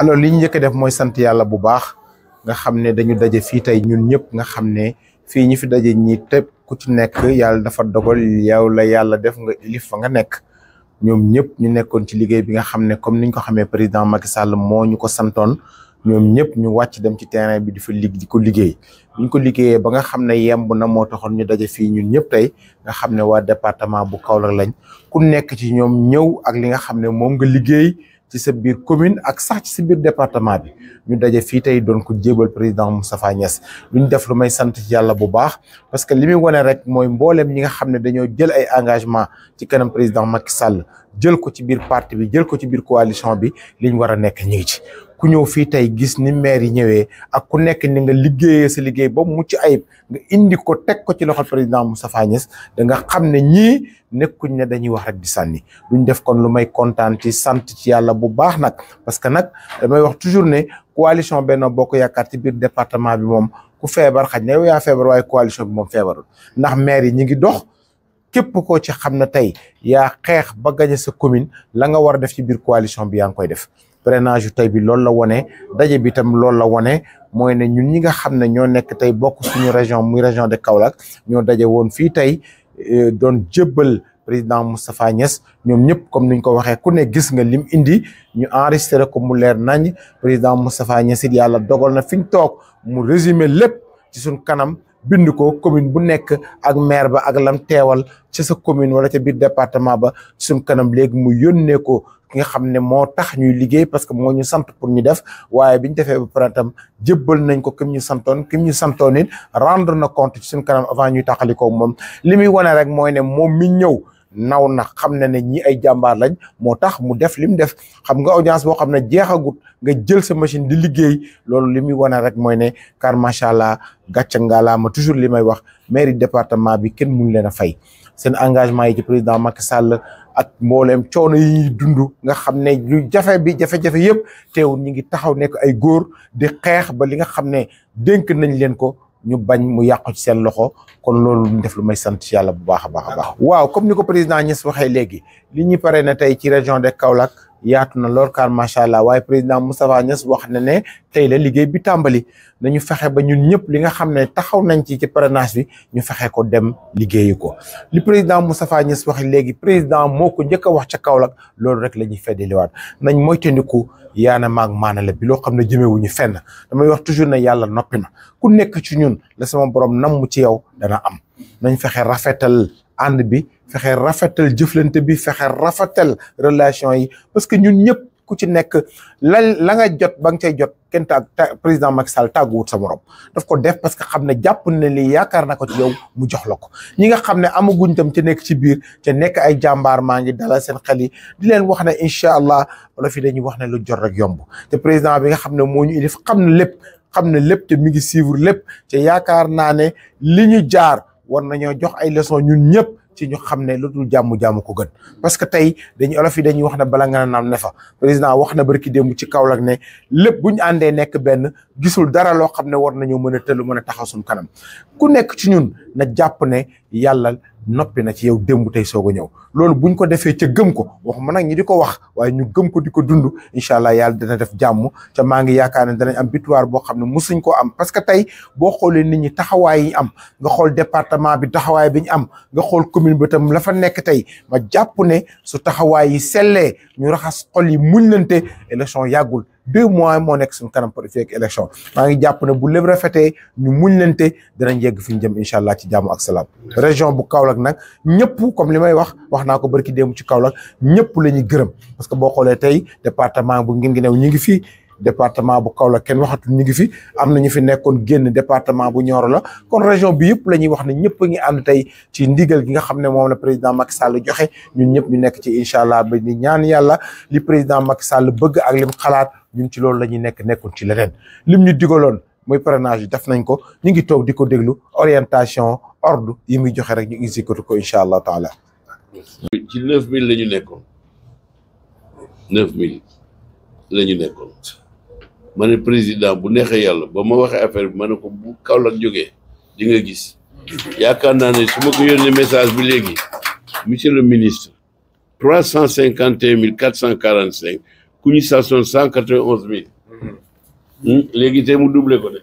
alors li ñu njëkk def mooy sant yàlla bu baax nga xam ne dañu daje fii tey ñun ñëpp nga xam ne fii ñu fi daje ñiit te ku ci nekk yàlla dafa dogal yow la yàlla def nga ilif fa nga nekk ñoom ñëpp ñu nekkoon ci liggéey bi nga xam ne comme niñ ko xamee président Macky Sall moo ñu ko santoon ñoom ñëpp ñu wàcc dem ci terrain bi di fa lig ko liggéey buñ ko liggéeyee ba nga xam ne yemb na moo taxoon ñu daje fii ñun ñëpp tey nga xam ne waa département bu Kaolack lañ ku nekk ci ñoom ñëw ak li nga xam ne moom nga liggéey ci sa biir commune ak sax ci sa département bi ñu daje fii tey doon ko jébal président Moustapha Niass lu ñu def lu may sant ci yàlla bu baax parce que li muy wane rek mooy mbooleem ñi nga xam ne dañoo jël ay engagement ci kanam président Macky Sall jël ko ci biir parti bi jël ko ci biir coalition bi liñ war a nekk ñu ngi ci ku ñëw fii tey gis ni maire yi ñëwee ak ku nekk ni nga liggéeyee sa liggéey ba mucc ayib nga indi ko teg ko ci loxol président Moustapha Niasse da nga xam ne ñii nekkuñ ne dañuy wax rek di sànni duñ def kon lu may kontaan ci sant ci yàlla bu baax nag parce que nag damay wax toujours ne coalition Benno Bokk Yaakaar ci biir département bi moom ku feebar xañ ne yow yaa feebar waaye coalition bi moom feebarul ndax yi ñi ngi dox képp koo ci xam na tey yaa xeex ba gañe sa commune la nga war a def ci biir coalition bi yaa ngi koy def parrainage yu tey bi loolu la wone daje bitam itam loolu la wone mooy ne ñun ñi nga xam ne ñoo nekk tey bokk suñu région muy région de Kaolack ñoo daje woon fii tey eh, doon jébbal président Moustapha Niass ñoom ñëpp comme niñ ko waxee ku ne gis nga lim indi ñu enregistré ko mu leer nañ président Moustapha Niass it yàlla dogal na fi ñu toog mu résumé lépp ci suñ kanam bind ko commune bu nekk ak maire ba ak lam teewal ci sa commune wala ca biir département ba ci suñ kanam léegi mu yónnee ko ki nga xam ne moo tax ñuy liggéey parce que moo ñu sant pour ñu def waaye biñ defee ba pare tam nañ ko kim ñu santoon kim ñu santoon it rendre na compte ci suñ kanam avant ñuy taxali ko moom li muy wane rek mooy ne moom mi ñëw. naw na xam na ne ñi ay jàmbaar lañ moo tax mu def li mu def xam nga audience boo xam ne jeexagut nga jël sa machine di liggéey loolu li muy wane rek mooy ne car macha allah gàcce ma toujours li may wax mairie département bi kenn mun leen a fay seen engagement yi ci président Macky Sall ak mbooleem coono yi dund nga xam ne lu jafe bi jafe-jafe yëpp teewul ñu ngi taxaw nekk ay góor di xeex ba li nga xam ne dénk nañ leen ko ñu bañ mu yàqu ci seen loxo kon loolu ñu def lu may sant yàlla bu baax a baax a baax. waaw comme ni ko président Niass waxee léegi li ñu pare ne tey ci région de Kaolack. yaatu na lool kaar macha allah waaye président Moustapha Niass wax na ne tey la liggéey bi tàmbali nañu fexe ba ñun ñëpp li nga xam ne taxaw nañ ci ci parrainage bi ñu fexe ko dem liggéeyi ko li président Moustapha Niass wax léegi président moo ko njëkk wax ca Kaolack loolu rek la ñuy feddaliwaat nañ moytandiku yaana maag maanale la bi loo xam ne jëmewuñu fenn damay wax toujours ne yàlla noppi na ku nekk ci ñun la sama borom nam mu ci yow dana am nañ fexe rafetal ànd bi fexe rafetal jëflante bi fexe rafetal relation yi parce que ñun ñëpp ku ci nekk lan la nga jot ba nga cay jot kenn taag président Macky Sall tàgguwut sa morom daf ko def parce que xam ne jàpp na li yaakaar na ko ci yow mu jox ko ñi nga xam ne amaguñ tam ci nekk ci biir ce nekk ay jàmbaar maa ngi dalal seen xel yi di leen wax ne incha allah wala fi dañuy wax ne lu jot rek yomb te président bi nga xam ne moo ñu ilif xam na lépp xam na lépp te mi ngi suivre lépp te yaakaar naa ne li ñu jaar. war nañoo jox ay leçon ñun ñëpp ci ñu xam ne lu dul jàmm jàmm ko gën parce que tey dañu olof yi dañuy wax ne bala nga naam ne fa président wax na barki démb ci Kaolack ne lépp bu ñu àndee nekk benn gisul dara loo xam ne war nañoo mën a tëll mën a taxaw kanam ku nekk ci ñun na jàpp ne yàlla noppi na ci yow démb tey soog a ñëw loolu buñ ko defee ca gëm ko waxuma nag ñi di ko wax waaye ñu gëm ko di ko dund incha allah yàlla dana def jàmm ca maa ngi yaakaar ne danañ am victoire boo xam ne musuñ koo am parce que tey boo xoolee nit ñi taxawaay am nga xool département bi taxawaay bi ñu am nga xool commune bi tam la fa nekk tey ma jàpp ne su taxawaay yi sellee ñu raxas xol yi muñ lante élection yàggul deux mois moo nekk suñu kanam pour fekk élection maa ngi jàpp ne bu lépp rafetee ñu muñ lente danañ yegg fi ñu jëm incha allah ci jaamu ak salaam région bu Kaolack nag ñëpp comme li may wax wax naa ko barki démb ci Kaolack ñëpp la ñuy gërëm parce que boo xoolee tey département bu ngeen ngi new ñu ngi fii département bu Kaolack kenn waxatul ñu ngi fi am na ñu fi nekkoon génn département bu Nioro la kon région bi yëpp la ñuy wax ne ñëpp a ngi ànd tey ci ndigal gi nga xam ne moom la président Macky Sall joxe ñun ñëpp ñu nekk ci incha allah ba di ñaan yàlla li président Macky Sall bëgg ak lim xalaat ñun ci loolu la ñuy nekk nekkul ci leneen lim ñu digaloon muy parrainage yi def nañ ko ñu ngi toog di ko déglu orientation ordre yi muy joxe rek ñu exécuté ko incha allah taala. ci neuf mille la ñu nekkoon neuf mille la ñu nekkoon ma ne président bu neexee yàlla ba ma waxee affaire bi ma ne ko bu Kaolack jógee di nga gis yaakaar naa ne su ma ko yónnee message bi léegi monsieur le ministre trois cent cinquante et mille quatre cent quarante cinq ku ñu sasoon cent quatre-vingt-onze mille mm-hmm. hmm? léegi tey mu doublé ko de